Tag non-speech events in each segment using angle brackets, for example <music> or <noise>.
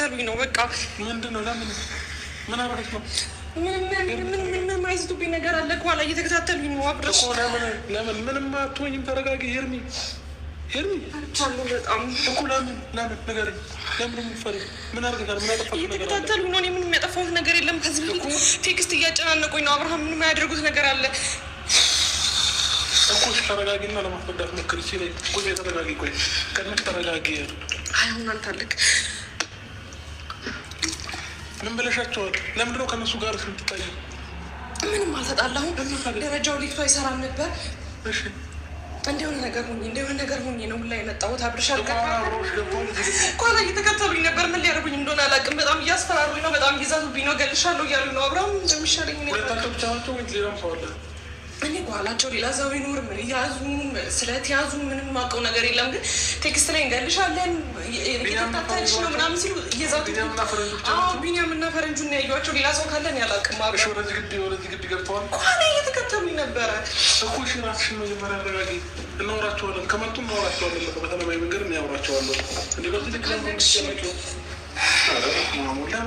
ተሉኝ ነው በቃ ምንድን ነው? ለምን ምን አረፈች ነው? ምንም አይዝቱብኝ ነገር አለ ከኋላ እየተከታተሉኝ ነው። አብረሽ ለምን ምንም አትሆኝም። ተረጋጊ ሄርሚ፣ ሄርሚ በጣም እኮ ለምን ነገር ለምን ምፈሪ ምን አርገታል? ምን አጠፋ? እየተከታተሉኝ ነው። እኔ ምንም ያጠፋሁት ነገር የለም። ከዚህ በፊት ቴክስት እያጨናነቁኝ ነው። አብርሃም ምንም ያደርጉት ነገር አለ እኮ። ተረጋጊና ለማስረዳት ሞክር። ይችላል እኮ ተረጋጊ። ቆይ ከምን ተረጋጊ አይሆን አንታልክ ምን ብለሻቸዋል? ለምንድነው ከነሱ ጋር ስምትታዩ? ምንም አልተጣላሁም። ደረጃው ሊፍቱ አይሰራም ነበር። እንደሆነ ነገር ሆኜ እንደሆነ ነገር ሆኜ ነው ሁላ የመጣሁት። አብርሻል ከኋላ እየተከተሉኝ ነበር። ምን ሊያደርጉኝ እንደሆነ አላውቅም። በጣም እያስፈራሩኝ ነው። በጣም እየዛቱብኝ ነው። ገልሻለሁ እያሉ ነው። አብርሃም እንደሚሻለኝ ነው። እኔ በኋላቸው ሌላ ሰው ቢኖር ምን ያዙ ስለተያዙ ምንም የማውቀው ነገር የለም። ግን ቴክስት ላይ እንገልሻለን እየተከታተልሽ ነው ምናምን ሲሉ እየዛቱ ቢኒያም እና ፈረንጁ እና ያዩዋቸው ሌላ ሰው ካለን ያላቅም ወደዚህ ግቢ ገብተዋል ኳና እየተከተሉኝ ነበረ እኮ እሺ፣ እራስሽን መጀመሪያ አረጋጊ። እናውራቸዋለን፣ ከመጡ እናውራቸዋለን። በተለያየ መንገድ እናውራቸዋለን። እንዲ በዚህ ልክ ነው ሚጨመጡ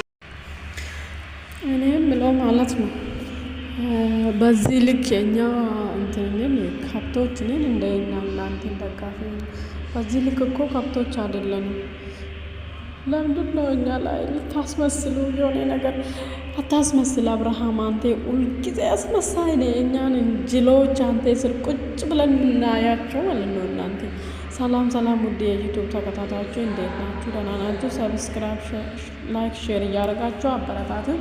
እኔ የምለው ማለት ነው በዚህ ልክ የእኛ እንትንም ከብቶች እኔን እንደና እናንተን ደጋፊ በዚህ ልክ እኮ ከብቶች አይደለንም። ለምንድን ነው እኛ ላይ ልታስመስሉ የሆነ ነገር አታስመስል። አብርሃም አንተ ሁልጊዜ አስመሳይ ነህ። እኛን እንጅሎች አንተ ስር ቁጭ ብለን የምናያቸው ማለት ነው እናንተ ሰላም ሰላም ውድ የዩቱብ ተከታታዮች እንዴት ናችሁ? ደህና ናችሁ? ሰብስክራይብ፣ ላይክ፣ ሼር እያደረጋችሁ አበረታትን።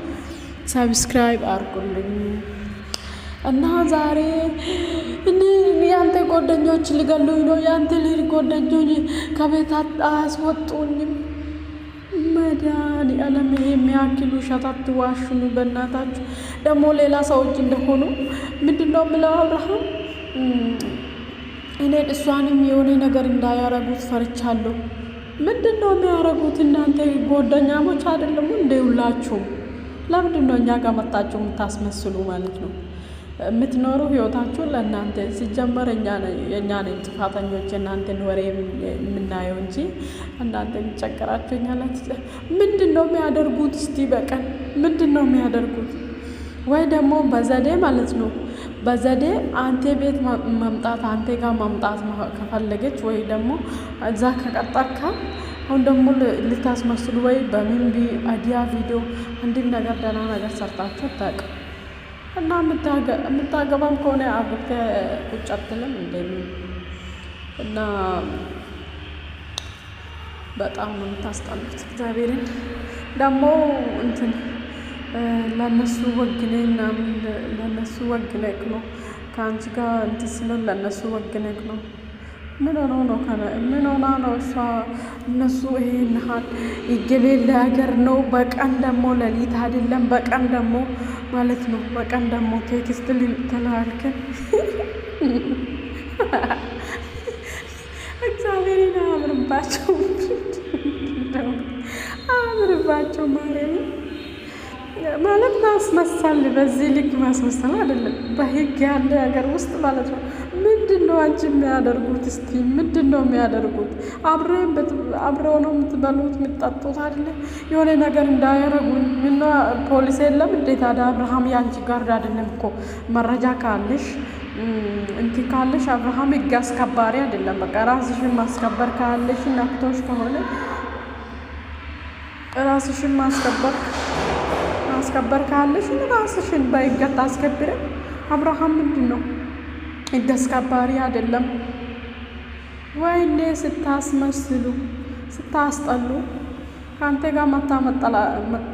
ሰብስክራይብ አርጉልኝ እና ዛሬ ያንተ ጓደኞች ሊገሉኝ ነው፣ ያንተ ልጅ ጓደኞች ከቤት አያስወጡኝም። መድኃኒዓለም የሚያክሉ ሸታት ዋሹን በእናታችሁ ደግሞ ሌላ ሰዎች እንደሆኑ ምንድን ነው የምለው አብርሃም ሲሄድ እሷንም የሆነ ነገር እንዳያረጉት ፈርቻለሁ። ምንድን ነው የሚያረጉት? እናንተ ጓደኛሞች አይደለም እንደ ሁላችሁም? ለምንድን ነው እኛ ጋር መጣችሁ የምታስመስሉ ማለት ነው? የምትኖሩ ህይወታችሁን ለእናንተ ሲጀመር የእኛ ነኝ ጥፋተኞች፣ የእናንተን ወሬ የምናየው እንጂ እናንተ የሚቸገራችሁ እኛ ላይ ምንድን ነው የሚያደርጉት? እስቲ በቀን ምንድን ነው የሚያደርጉት? ወይ ደግሞ በዘዴ ማለት ነው በዘዴ አንቴ ቤት መምጣት አንቴ ጋር መምጣት ከፈለገች ወይ ደግሞ እዛ ከቀጠርካ አሁን ደግሞ ልታስመስሉ ወይ በሚንቢ አዲያ ቪዲዮ አንድን ነገር ደህና ነገር ሰርታችሁ አታውቅም። እና የምታገባም ከሆነ አብርተ ቁጭ አትልም እንደሚ እና በጣም ነው የምታስጠሉት። እግዚአብሔርን ደግሞ እንትን ለነሱ ወግነ ምናምን ለእነሱ ወግነክ ነው ከአንቺ ጋር እንትን ስለው ነው። ምን ሆኖ ነው ከነ ምን ሆና ነው እሷ እነሱ ለሀገር ነው። በቀን ደግሞ ለሊት አይደለም በቀን ደግሞ ማለት ነው በቀን ደግሞ ቴክስት <laughs> እግዚአብሔር ይናምርባቸው ማስመሰል በዚህ ልክ ማስመሰል አይደለም፣ በህግ ያለ ሀገር ውስጥ ማለት ነው። ምንድን ነው አንቺ የሚያደርጉት? እስቲ ምንድን ነው የሚያደርጉት? አብረው ነው የምትበሉት የምትጠጡት አይደለ? የሆነ ነገር እንዳያረጉን ምና ፖሊስ የለም እንዴት? አደ አብርሃም የአንቺ ጋርድ አይደለም እኮ መረጃ ካለሽ እንትን ካለሽ አብርሃም ህግ አስከባሪ አይደለም። በቃ ራስሽን ማስከበር ካለሽ ናክቶሽ ከሆነ ራስሽን ማስከበር ማስከበር ካለሽ ራስሽን በህገት አስከብረ። አብርሃም ምንድን ነው ህግ አስከባሪ አይደለም። ወይኔ ስታስመስሉ ስታስጠሉ። ከአንተ ጋር መታ መጠላ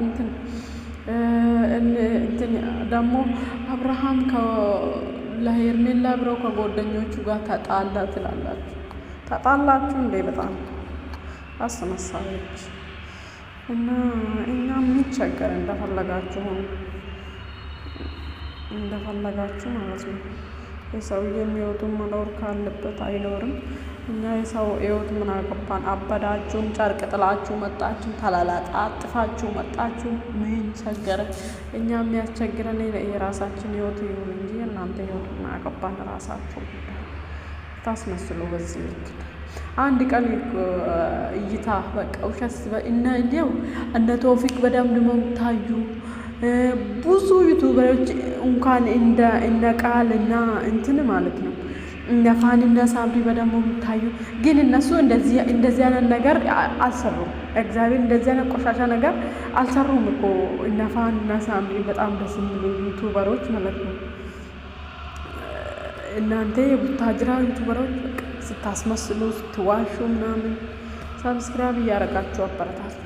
እንትን እንትን ደግሞ አብርሃም ለሄርሜላ አብረው ከጓደኞቹ ጋር ተጣላ ትላላችሁ። ተጣላችሁ እንዴ? በጣም አስመሳለች። እና እኛ የሚቸገር እንደፈለጋችሁ እንደፈለጋችሁ ማለት ነው። የሰው የሚወቱ መኖር ካለበት አይኖርም። እኛ የሰው ህይወት ምን አገባን? አበዳችሁም፣ ጨርቅ ጥላችሁ መጣችሁ፣ ተላላጣ አጥፋችሁ መጣችሁ፣ ምን ቸገረ? እኛ የሚያስቸግረን የራሳችን ህይወት ይሁን እንጂ እናንተ ህይወት ምን አገባን? ራሳችሁ ታስመስሉ በዚህ ልክ አንድ ቀን እይታ በቃ ውሸት እና እንዲያው እነ ቶፊቅ በደምብ ነው ታዩ። ብዙ ዩቱበሮች እንኳን እንደ ቃል እና እንትን ማለት ነው እነ ፋን እና ሳብሪ በደምብ የሚታዩ ግን እነሱ እንደዚህ አይነት ነገር አልሰሩም። እግዚአብሔር እንደዚህ አይነት ቆሻሻ ነገር አልሰሩም እኮ እነ ፋን እና ሳብሪ በጣም ደስ የሚሉ ዩቱበሮች ማለት ነው። እናንተ የቡታጅራ ዩቱበሮች በቃ ስታስመስሉ ስትዋሹ ምናምን ሰብስክራይብ እያደረጋችሁ አበረታቱ።